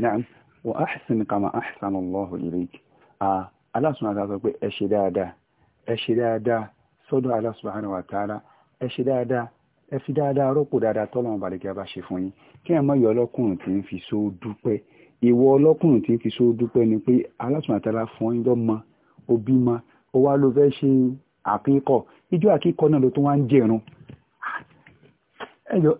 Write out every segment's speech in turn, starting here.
نعم وأحسن كما أحسن الله إليك آه الله سبحانه وتعالى أشدادا أشدادا sọ́dọ̀ Allah subhanahu wa ta'ala ẹ ṣe dáadáa ẹ fi dáadáa rọ́pò dáadáa tọ́lọ́run balẹ̀kẹ́ bá ṣe fún yín kí ẹ má yọ ọlọ́kùnrin tí ń fi só dúpẹ́ ìwọ ọlọ́kùnrin tí ń fi só dúpẹ́ ni pé Allah subhanahu wa ta'ala fún yín lọ́mọ òbí mọ ó wá ló fẹ́ ṣe àkíkọ̀ ijó àkíkọ̀ náà ló tún wá ń jẹ̀rún ẹjọ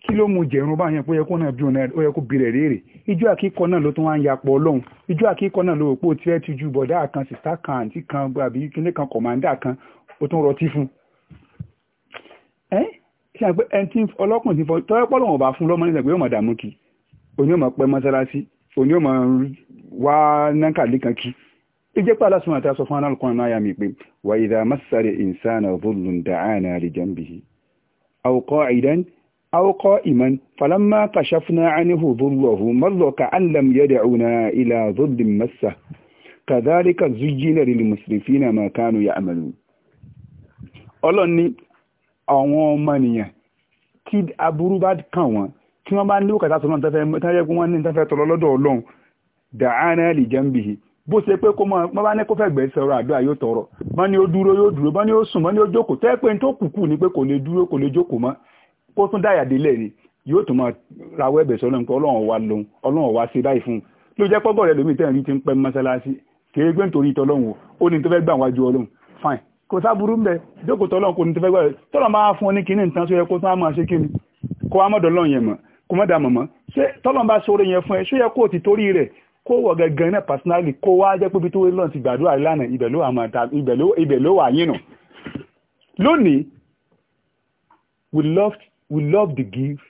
kí ló mú jẹ̀rún bá yẹn pé ó yẹ kó náà bí ó yẹ kó bi rẹ̀ léèrè ijó àkíkọ náà ló tún wá ń yapọ̀ ọlọ́run ijó àkíkọ náà ló rò pé ó tiẹ̀ ti ju bọ̀dá kan sìtá kan àǹtí kan àbí kíní kan kọ̀mándà kan ó tún rọtí fún. ẹ ṣe àgbẹ̀ ẹni tí ọlọ́kùnrin ti fọ tọ́wọ́ pọ́ lọ́wọ́ bá fún lọ́mọ nígbà pé yóò máa dààmú kí òní yóò máa pẹ́ mọ́sálásí òní yóò máa wá nákàlí kan kí ìjẹ́ pé aláṣọ àti aṣọ fún aláàlùkùn náà أو قائما فلما كشفنا عنه ظله مر كأن لم يدعنا إلى ظل مسه كذلك زجن للمسرفين ما كانوا يعملون ọlọ́run ní àwọn ọmọnìyàn tí aburú bá kàn wọ́n tí wọ́n bá ní òkàtà sọ́nà tẹ́fẹ́ tẹ́fẹ́ kí wọ́n ní tẹ́fẹ́ tọrọ lọ́dọ̀ ọlọ́run dàánà lè jẹ́ ń bìí bó ṣe pé kó mọ́ bá ní kó fẹ́ gbẹ̀ẹ́ sọ̀rọ̀ tọrọ bá ní ó dúró yóò dúró bá ní ó sùn bá ní ó jókòó tẹ́ kó tún dáyà délẹ̀ yóò tún máa rawọ́ ẹ̀bẹ̀ sọ́lọ́run pé ọlọ́run wa lòun ọlọ́run wa ṣe báyìí fún un ló jẹ́ pọ́gọ́ rẹ̀ lómi tẹ́rin ti ń pẹ́ mọ́sálásí kéré gbé nítorí tọ́lọ́run ó ní tó fẹ́ gbà wájú ọlọ́run fine kò sáburú ń bẹ jókòó tọ́lọ́run kò ní tó fẹ́ gbà tọ́lọ́run bá fún ọ ní kinní nǹkan tó yẹ kó tún á máa ṣe kinní kó á mọ̀dọ̀ lọ́run yẹn mọ̀ we loved we love the gift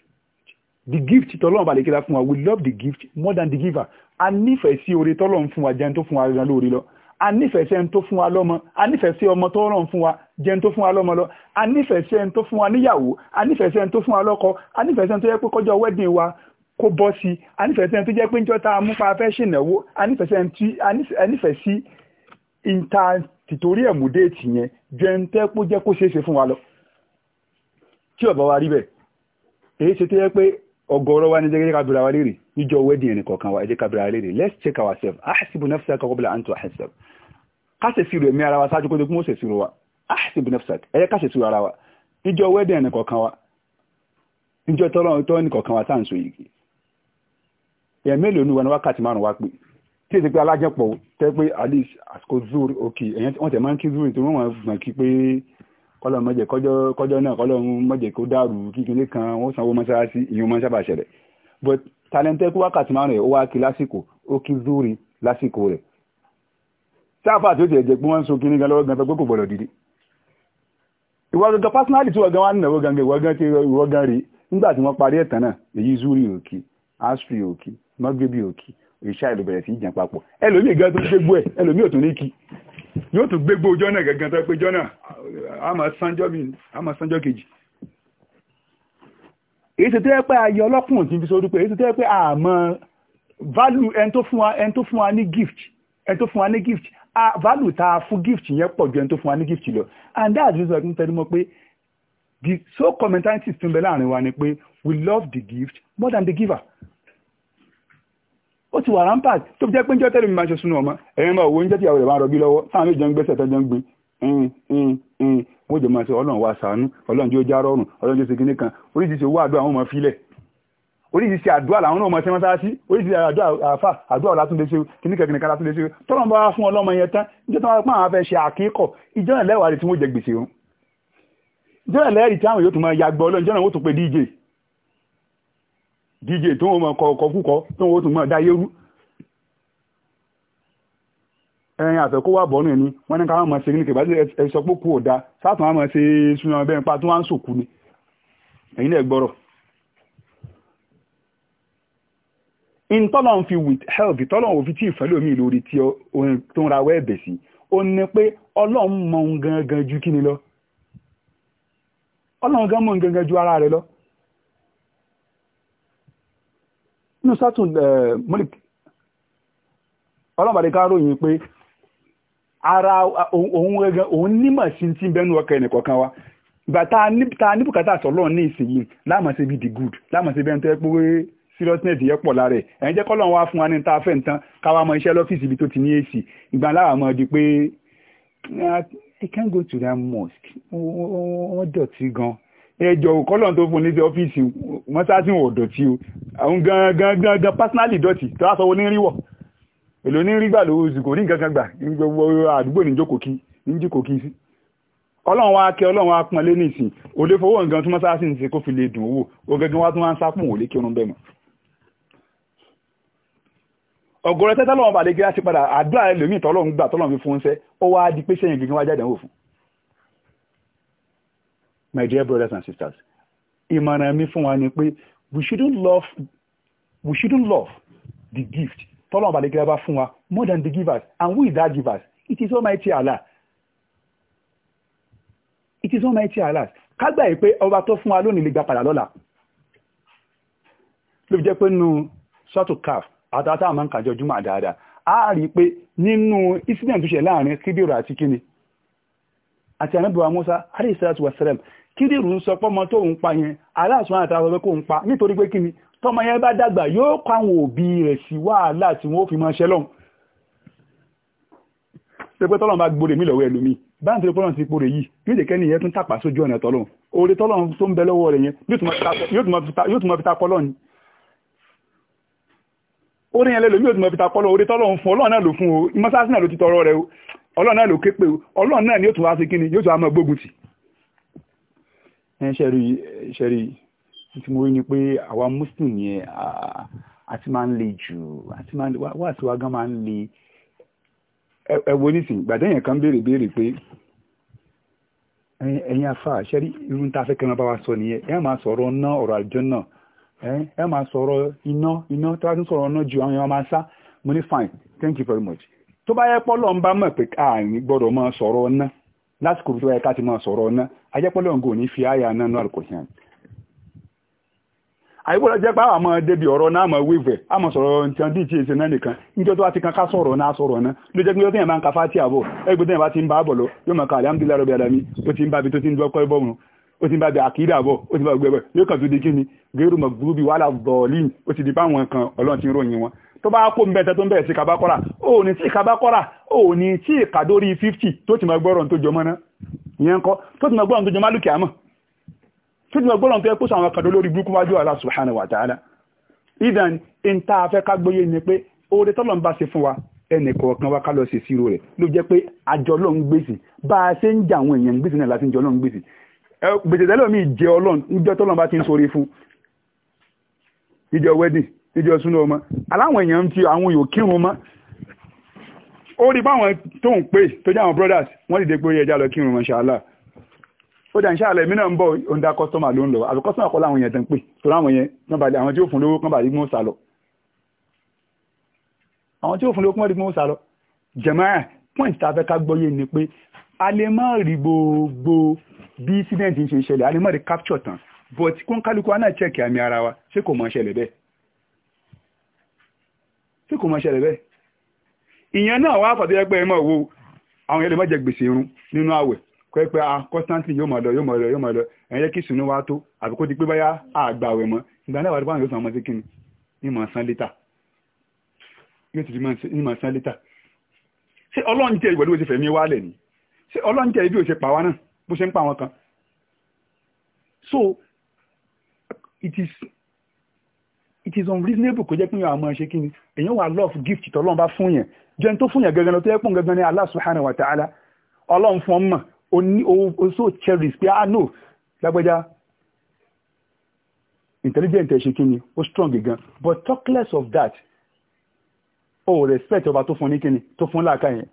the gift tọ́lọ́run balẹ̀ kíra fún wa we love the gift more than the giver a nífẹ̀ẹ́ sí oore tọ́lọ́run fún wa jẹun tó fún wa gan lóore lọ a nífẹ̀ẹ́ sí ẹni tó fún wa lọ́mọ a nífẹ̀ẹ́ sí ọmọ tọ́lọ́run fún wa jẹun tó fún wa lọ́mọ lọ a nífẹ̀ẹ́ sí ẹni tó fún wa níyàwó a nífẹ̀ẹ́ sí ẹni tó fún wa lọ́kọ a nífẹ̀ẹ́ sí ẹni tó yẹ pé kọjọ́ wedding wa kó bọ́ sí a nífẹ̀ẹ́ sí ẹni tó jẹ́ pé ń jọ́ta amúpa fẹ́ ṣènáwó a tí ọ̀bọ̀ wa rí bẹ̀ èyí ṣe tó yẹ pé ọ̀gọ̀rọ̀ wa ní jẹ́ ká bìrà wa lérè níjọ wedding ẹnì kọ̀ọ̀kan wa ẹ jẹ́ wa lérè let's check ourselves ahasibu nafsaka qabla an anto ká ṣe sírò ẹ̀mí ara wa ṣáájú kó dégún ó ṣe sírò wa ahasibu nafsaka ẹ jẹ́ ká ṣe sírò ara wa níjọ wedding ẹnì kọ̀ọ̀kan wa níjọ tọ́lọ́run tọ́ kọ̀ọ̀kan wa tá ń sọ yìí ẹ̀ mélòó ni wọn wákàtí márùn wá pé tí èsì pé alájẹpọ̀ tẹ́ pé alice àsìkò zuri òkè ẹ̀yẹn wọ́n tẹ̀ máa ń kí zuri tó wọ́n máa ń gbọ̀n kí pé kọ́lọ̀ mọ́jẹ̀ kọjọ́ náà kọ́lọ̀ mọ́jẹ̀ kó dàrú kíkiri kan wọ́n sanwó mọ́ṣáláṣí ìyún bụ sábà ṣẹlẹ̀ but talentẹ́ kú wákàtí márùn ẹ̀ ó wá kí lásìkò ó kí zúri lásìkò rẹ̀ sáfà tó tiẹ̀ jẹ́ pé wọ́n ń so kíní gan lọ́wọ́ gan pé kò gbọ́dọ̀ dìde ìwọ gangan tí yóò tún gbégbó jọ́nà gẹ̀gẹ̀ tó pé a àmà sánjọ́ kejì èyí tó tẹ́ pé ayé ọlọ́kùnrin tí ń fi sọ dúpẹ́ èyí tó tẹ́ pé àmọ́ value ẹni tó fún wa ní gift ẹni tó fún wa ní gift value tá a fún gift yẹn pọ̀ ju ẹni tó fún wa ní gift lọ and that is reason tẹ́lú mọ́ pé the so commentators tún bẹ láàrin wa ni pé we love the gift more than the giver ó ti wà rampart tó jẹ́ pé ń jẹ́ tẹ́lẹ̀ mi máa ṣe súnú ọmọ ẹ̀yìn máa wo ń jẹ́ tí ìyàwó rẹ̀ máa rọbí lọ́wọ́ sáà méjì ń gbẹ́sẹ̀ tọ́jọ́ ń gbin wọ́n jọ máa ṣe ọlọ́run wa ṣàánú ọlọ́run jẹ́ ó já rọrùn ọlọ́run jẹ́ ó ṣe kinní kan oríṣiríṣi owó àdúrà àwọn ọmọ filẹ̀ oríṣiríṣi àdúrà làwọn ọmọ ṣe mọ́sáàsì oríṣiríṣi àdúrà àfà àdúrà látúndé ṣe kinní kan kinní kan látúndé ṣe tọ́lọ́n bá fún ọlọ́mọ yẹn tán níjọ́ tí wọ́n pa àwọn afẹ́ ṣe àkíkọ̀ ìjọ́ ẹ̀lẹ́wàá rẹ̀ tí wọ́n jẹ gbèsè wọn ìjọ́ ẹ̀lẹ́rìí tí àwọn yóò tún máa yàgbọ́ ọlọ́run jọ́nà wọ́n tún pe díje dj tó wọn mọ kọ̀ọ̀kọ̀ fúkọ tó wọn ó tún mọ dáyérú ẹ̀yìn àfẹ́kó wà bọ́ọ̀nù ẹni wọ́n ní ká máa ṣe ní kẹ̀bá ẹ̀sọ́ pò kú ọ̀dà wọn máa ṣe súnmọ́ abẹ́rẹ́ pa tó wọ́n sòkú ni ẹ̀yin náà gbọ́rọ̀. ìtọ́lọ̀ ń fi with health ìtọ́lọ̀ ò fi tí ì fẹ́lẹ́ omi lórí tí orin tó ń ra wẹ́ẹ̀bẹ̀ sí ó ní pé ọlọ́run mọ ohun gangan ju kí ni lọ ọlọ́run gan mọ ohun gangan ju ara rẹ lọ Eh, ní sátún múlik ọlọ́mọdé ká ròyìn pé ara òun gẹ́gẹ́ òun nímọ̀ sí ti bẹ́nu ọkọ̀ ẹnìkọ̀ọ̀kan wa ìgbà ta níbùkátà sọ̀lọ́ ní ìsìnyí láàmà sí ibi the good láàmà sí ibi ẹni tó yẹ pé seriousness yẹ pọ̀ lára ẹ̀ ẹ̀yin jẹ́ kọ́lọ́n wá fún wa ní ta fẹ́ nǹkan káwa mọ iṣẹ́ lọ́fíìsì ibi tó ti ní èsì ìgbà láwa mọ̀ di pé ah, I can't go to that mosque wọ́n dọ̀tí gan-an ẹjọ kọlọ́n tó fún ní sí ọ́fíìsì mọ́sáàsì wọ̀ dọ̀tí o àwọn gan gan gan gan pásínálì dọ̀tí tó wá sọ wọn ní ríwọ̀ èlò ní rígbà ló sì kò rí nǹkan gbà wa kẹ ọlọ́run wa pọn ní ìsìn òde fowó nǹkan ń ṣe kó dùn owó o gẹ́gẹ́ wá tún wá ń sápò kí tẹ́tẹ́ àdúrà my dear brothers and sisters ìmọ̀ràn mi fún wa ni pé we shouldn't love we shouldn't love the gift tọ́lọ́mù balẹ̀kẹ́lá bá fún wa more than the givers and who is that givers it is almighty Allah it is almighty Allah kágbà yìí pé ọba tó fún wa lónìí lè gba padà lọ́la ló fi jẹ́ pé nínú sọ́tò caf àtàtà àmọ́ nǹkan jọ júmọ̀ dáadáa a rí i pé nínú incident tó ṣe láàrin kídìrò àti kíni àti ànábìwá Musa alayhi salatu wa salam kídìrú ń sọ pọ́mọ tó ń pa yẹn aláàsùn àtàwọn ọ̀rẹ́ kò ń pa nítorí pé kíni tọ́mọ yẹn bá dàgbà yóò kọ́ àwọn òbí rẹ̀ sí wàhálà tí wọ́n fi máa ṣẹlọ́n pé tọ́lọ́n bá gbòrè mí lọ́wọ́ ẹlòmíì bá ń tẹ́lẹ̀ pọ́lọ́n ti gbòrè yìí yóò jẹ́ kẹ́ni yẹn tún tàpá sójú ọ̀nà tọ́lọ́n oore tọ́lọ́n tó ń bẹ lọ́wọ́ rẹ̀ yẹn yóò tún mọ fi ta kọ́lọ́n ni oore yẹn lẹ́lòmíì yóò tún mọ fi ta kọ́lọ́n oore tọ́lọ́n fún ọlọ́run náà ló fún o ìmọ̀sáàsì náà ló ti tọrọ ni yóò tún wá sí kíni yóò ṣẹ́rí ṣẹ́rí tí mo rí ni pé àwa muslim yẹn àti máa ń le jù àti máa ń le wá àti wá gan máa ń le ẹ wo nísìnyí gbàdẹ́yìn kan béèrè béèrè pé ẹ̀yin afa ṣẹ́rí irú ta fẹ́ kẹ́ran bá wa sọ nìyẹn ẹ máa sọ̀rọ̀ ná ọ̀rọ̀ àjọ náà ẹ máa sọ̀rọ̀ iná iná tí wọ́n ti sọ̀rọ̀ ọ̀nà ju àwọn èèyàn máa sá mo ní fine thank you very much tó bá yẹ pọ́ lọ́nba mọ̀ pé káà ní gbọ́dọ̀ máa sọ̀rọ̀ náà lásìkò tó yẹ ká ti máa sọ̀rọ̀ ọ̀nà ajẹ́pọ̀lọ́ ògùn ní fi àyà náà náà kò hàn. àyíkọ́lọ́ jẹ́ pé àwọn ọmọ débi ọ̀rọ̀ náà mọ̀ wíwẹ̀ àmọ̀ sọ̀rọ̀ nǹkan bíi tíye ṣe náà nìkan níjọ́ tó bá ti kan ká sọ̀rọ̀ náà sọ̀rọ̀ náà ló jẹ́ pé yóò tẹ̀yìn bá ń ka fáti àbọ̀ ẹgbẹ́ tẹ̀yìn bá ti ń bá bọ̀ lọ yóò mọ̀ ká alhamdulillah rabbil alamin ó ti ń bá ni gẹ́rù mọ̀ gúrúbì wàhálà bọ̀ọ̀lì ó ti di báwọn kan ò ní tí ìkàdórí fifty tó ti máa gbọ́rọ̀ tó jọmọ́ náà ìyẹn kọ́ tó ti máa gbọ́rọ̀ tó jọmọ́ alùkẹ́ àmọ́ tó ti máa gbọ́rọ̀ tó yẹ kó sọ àwọn akàdó lórí burúkú wájú Allah subhanahu wa ta'ala idan in ta fẹ́ ká gbóyè ni pé oore tọ́lọ̀ ń bá ṣe mi jẹ ọlọ́run níjọ́ tọ́lọ̀ bá ti ń sọre fún níjọ́ wedding níjọ́ súnú ọmọ aláwọn èèyàn ń àwọn yòókì wọn mọ́ ó rí báwọn tó ń pè tó jẹ́ àwọn brothers wọ́n dìde pé ẹja lọ kírun wọn ṣáàlà ó dà ń ṣáàlà èmi náà ń bọ̀ ó ń dá kọ́sọ́mà ló ń lọ àbí kọ́sọ́mà kọ́ láwọn yẹn tó ń pè tó láwọn yẹn wọ́n balẹ̀ àwọn tí ó fún lówó kán bá rí gbọ́n sá lọ. àwọn tí ó fún lówó kán bá rí gbọ́n sá lọ. jẹ̀máà point tá a fẹ́ ká gbọ́yé ni pé a lè má rí gbogbo bí incident ń ṣe ṣẹlẹ̀ a lè má rí capture tán but kó ń check àmì ara wa ṣé kò mọ̀ ṣẹlẹ̀ bẹ́ẹ̀ ṣé kò mọ̀ ṣẹlẹ̀ bẹ́ẹ̀ ìyẹn náà wá fàtí ẹgbẹ́ ẹmọ owó àwọn ẹlẹ́mọ̀ jẹ gbèsè irun nínú àwẹ̀ pẹ́pẹ́ a constantly yóò máa lọ yóò máa lọ yóò máa lọ ẹ̀yẹ kí sùnú wa tó àbí kó ti pé báyà àgbà àwẹ̀ mọ́ ìgbà náà wà ní yóò san ọmọ sí kíni ní màá san lítà yóò ti di ní màá san lítà ṣé ọlọ́run tẹ ìwọ̀lú oṣù fẹ̀mí wálẹ̀ ni ṣé ọlọ́run tẹ ibi òṣè pa wa náà bó ṣe ń pa àwọn kan so it is it is unreasonable kò jẹ́ pé àwọn ọmọ ṣe kí ni èèyàn wà love gift tọ́lọ́n bá fún yẹn jẹun tó fún yẹn gangan lọ tó yẹ pọ̀ gangan ní Allah subhanahu wa ta'ala ọlọ́run fún ọmọ oní oṣù cherish pé ah no lágbẹ́já intelligent ẹ̀ ṣe kí ni ó strong gan but talk less of that o oh, respect ọba tó fún ní kí ni tó fún láàká yẹn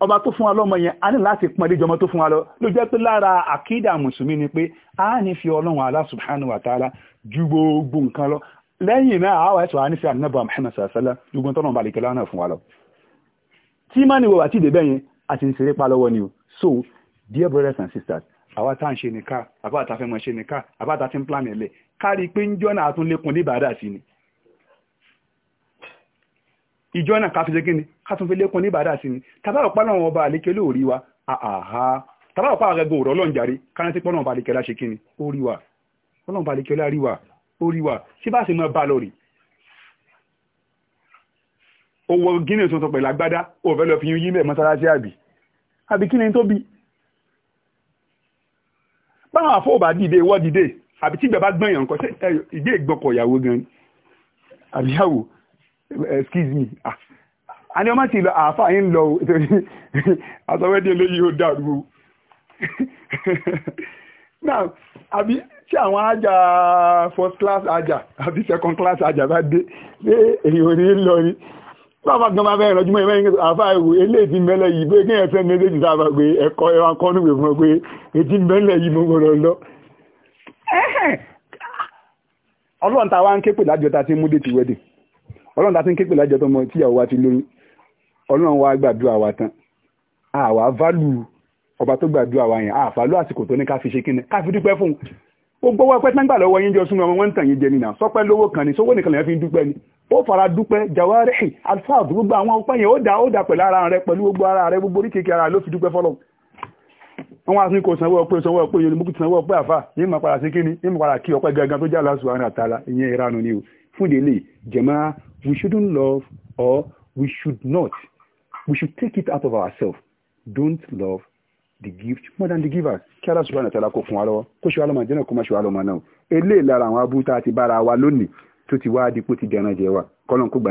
ọba tó fún wa lọ́mọ yẹn a ní láti pọn ilé ìjọmọ tó fún wa lọ ló jẹ́ pé lára àkídà mùsùlùmí ni pé a ní fi ọlọ́run Allah subhanahu wa ta'ala ju gbogbo nǹkan lọ lẹ́yìn náà àwọn ẹ̀ṣọ́ àníṣẹ́ àníbà Muhammad sàṣẹ́lá gbogbo tọ́nà balẹ̀ kẹlẹ́ náà fún wa lọ tí má ní wọ́wà tí ìdè bẹ́yìn àti ìṣeré pa lọ́wọ́ ni o so dear brothers and sisters àwa tá ń ṣe nìka àbá tá fẹ́ mọ̀ ṣe nìka àbá tá ti ń plan ẹ̀lẹ̀ kárí pé ń jọ́nà àtún lékun ní ìbàdà sí ni ìjọ náà káfíṣe kí ni káfíṣe fi lékun ní ìbàdà sí ni tàbá ọ̀pá náà wọn bá àlékè lóòrí wa àhà tàbá ọ̀pá àgẹ́gùn òrọ̀ ọlọ́njàre kárántí pọ́nà ọba ṣe kí ni ó rí wa ọlọ́nba orí wa ṣé bá ṣe máa bá lọ rè ó wọ gíní tuntun pẹ̀lú agbádá ó fẹ́ lọ fi yín yín bẹ́ẹ̀ mọ́sálásí àbí àbí kí ni tó bí báwọn àfọwọ́ bá dìde wọ́ dìde àbí tí ìgbà gbọ́n yàn kọ́ ṣe ìgbé ìgbọ́kọ̀ ìyàwó gan àbí yàwó excuse me a ní ọmọ ti lọ àáfà yín lọ ìtòrí àtọwẹ́dẹ́ lóyún ó dàrú now àbí tí àwọn ajá first class ajá àbí second class ajá bá dé ṣé èyàn ò ní lọ ni bàbá gan bàbá ẹ̀rọ jùmọ̀ ìwé àfa ìwò eléèdì mẹ́lẹ̀ yìí pé kí ẹ̀sẹ̀ méjèèjì sábà pé ẹ̀kọ́ ẹ̀wà kọ́nùwé fún ọ pé èdè mẹ́lẹ̀ yìí mo gbọ́dọ̀ lọ. ọlọ́run ta wá ń képè lájọ ta ti ń múdé ti wẹ́dì ọlọ́run ta ti ń képè lájọ tó mọ tíyàwó wa ti lóyún ọlọ́run wa gbàdúrà wa tán àwa válù ọba tó gbàdúrà wa yẹn àfàlù àsìkò tó ní ká fi ṣe kí ni ká fi dúpẹ́ fún un gbogbo wa pẹ́tẹ́ ńgbà lọ́wọ́ yín jọ súnmọ́ ọmọ wọn tàn yín jẹ nìyà sọpẹ́ lówó kan ní sówó nìkan lẹ́yìn fi ń ni ó fara dúpẹ́ jawarihi alfaaz gbogbo àwọn ọpẹ́ yẹn ó dá ó dá pẹ̀lú ara rẹ pẹ̀lú gbogbo ara rẹ gbogbo oríkèké ara ló fi dúpẹ́ fọlọ́ wọn wá sí kò sanwó ọpẹ́ sanwó ọpẹ́ yẹn mú sanwó ọpẹ́ àfà yín máa padà sí kíni yín máa padà kí ọpẹ́ gangan tó jàlá sùn àrùn àtàlà ìyẹn ìranu ni o fún ìdílé jẹ̀má we shouldn't love or we should not we should take it out of ourselves don't love the gift more than the giver kí Allah subhanahu wa ta'ala kó fún wa lọ́wọ́ kó ṣe wa lọ́mọ jẹ́nà kó má ṣe wa lọ́mọ náà eléyìí lára àwọn abúta àti bára wa lónìí tó ti wá dípò ti dẹran jẹ wa kọ́lọ́n kó gbà